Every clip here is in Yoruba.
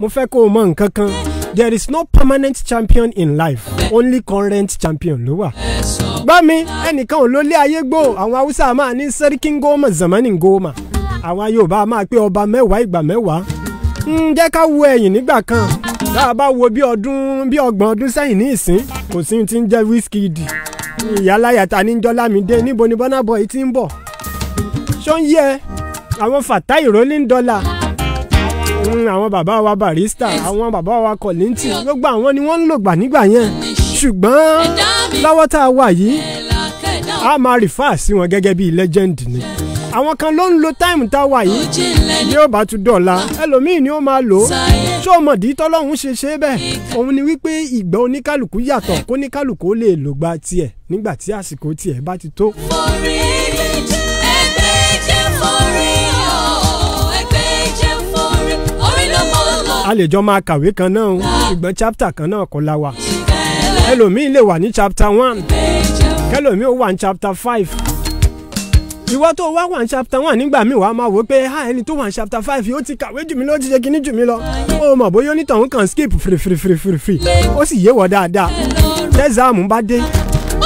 mo fẹ́ kó o mọ nǹkan kan there is no permanent champion in life only current champion ló wà. bámi ẹnìkan ò lólé ayé gbò àwọn haúsá máa ní sẹ́ríkì ń góòmà zamani ń góòmà àwọn yorùbá máa pé ọba mẹ́wàá ìgbà mẹ́wàá ń hmm, jẹ́ ká wo ẹ̀yìn nígbà kan tá a bá wo bí ọdún bí ọgbọ̀n ọdún sẹ́yìn ní ìsín kò sí ti ń jẹ́ Wizkid ìyáláyàtà ní jọlámídé níbo ni Burna Boy ti ń bọ̀ ṣó ń yẹ àwọn Fatai Rolling Dollar Mm, àwọn bàbá wa barista àwọn bàbá wa kọ̀lìntì gbogbo àwọn ni wọ́n ń lògbà nígbà yẹn ṣùgbọ́n lọ́wọ́ tá a wà yìí a máa rìfà sí wọn gẹ́gẹ́ bíi legend ni àwọn kan ló ń lo táìmù tá a wà yìí yóò bá tún dọ̀la ẹlòmíì ni ó máa lò ó ṣọ́ọ̀mọ̀dí tọ́lọ́hún ṣe ṣe bẹ́ẹ̀ òun ni wípé ìgbà oníkálukú yàtọ̀ kóníkálukú ó lè lògbà tiẹ̀ nígbà tí àsìkò tiẹ̀ bá ti tó. lè jọ máa kàwé kan náà o ah. ṣùgbọ́n chapter kan náà kọ́ la wà ẹlòmíín lè wà ní chapter one kẹlòmíín ó wà ní chapter five ìwọ tó wá wà ní chapter one nígbà míì wàá máa wò pé ha ẹni tó wà ní chapter five yóò ti kàwé jù mí lọ ti ṣe kíní jù mí lọ ó mọ̀ bóyá onítọ̀hún kan skip firifirifirifiri ó sì yé wọ dáadáa tẹ́sàmù bá dé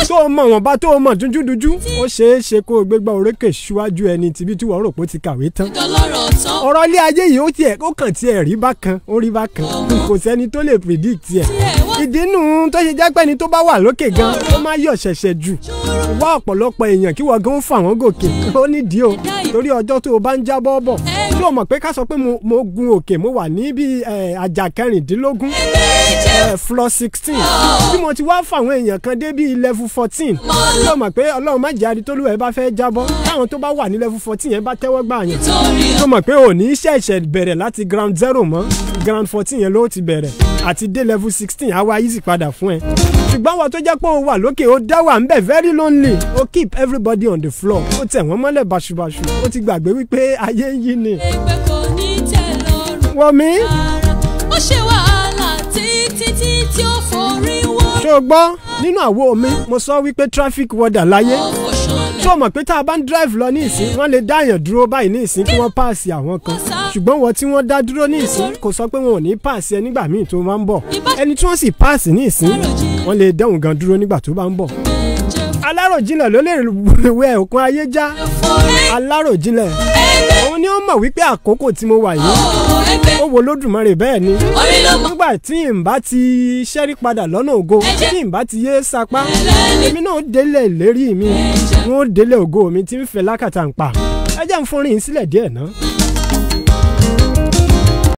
tó o mọ̀ wọ́n bá tó o mọ̀ dúdúdúdú ó ṣeé ṣe kó o gbégbá orókè ṣíwájú ẹni tibí tí wọ́n rò pé ó ti kàwé tán. ọ̀rọ̀ ilé ayé yìí ó tiẹ̀ ó kàn tiẹ̀ rí bákan ó rí bákan kò sẹ́ni tó lè predict ẹ̀. ìdí nù tó ṣe jẹ́ pé ẹni tó bá wà lókè gan ó má yọ̀ ṣẹ̀ṣẹ̀ jù wá ọ̀pọ̀lọpọ̀ èèyàn kí wọ́n gan fà wọ́n gòkè ó nídìí o torí ọjọ́ tó o bá ń jábọ́ bọ̀ ṣó mọ̀ pé ká sọ pé mo gun òkè mo wà ní bí kẹrìndínlógún floor sixteen bí mo ti wá fáwọn èèyàn kan dé bí level fourteen ṣó mọ̀ pé ọlọ́run má jẹ́ aditólúwẹ̀ bá fẹ́ jábọ́ táwọn tó bá wà ní level fourteen yẹn bá tẹ́wọ́ gbà yẹn ṣó mọ̀ pé òní ṣẹ̀ṣẹ̀ bẹ̀rẹ̀ láti ground zero mọ́ ground fourteen yẹn ló ti bẹ̀rẹ̀ àti dé level sixteen á wá easy padà fún ẹ. ṣùgbọ́n wọn tó jẹ́ pé ó wà lókè ó dá wà ńbẹ̀ very lonely ó keep everybody on the floor ó tẹ̀ wọ́n mọ́lẹ̀ báṣubàṣu ó ti gbàgbé wípé ayé ń yí ni. ẹgbẹ́ kò ní tẹ̀ lọ́rùn. wọ́n mi. ó ṣe wàhálà títí tí ó forí wọ́. ṣó nínú àwo mi mo sọ wípé traffic warder láyé. ó fò ṣọlẹ̀. ṣó o mọ̀ pé tá a bá ń drive lọ ní ìsín wọ́n lè dá àyàn dúró báyìí ní ìsín kí wọ́n páàsì àwọn kan ṣùgbọ́n wọn tí wọ́n dá dúró ní ìsín kò sọ pé wọn ò ní páàsì ẹ nígbà míì tó máa ń bọ̀ ẹni tí wọ́n sì páàsì ní ìsín wọ́n lè dẹ́hùn gan dúró nígbà tó bá ń bọ̀. aláròjinlẹ̀ ló lè wẹ òkun ayé já aláròjinlẹ̀ òun ni ó mọ̀ wípé àkókò tí mo wà yìí oh, ó wo lódùmarè bẹ́ẹ̀ ni nígbà tí n bá ti ṣẹ́rí padà lọ́nà ògo tí n bá ti yé sapá èmi náà délé ìlérí mi wọ́n délé ògo mi tí ń fẹ́ lákàtà ń pa ẹ jẹ́ ń fọ́nrin sílẹ̀ díẹ̀ náà.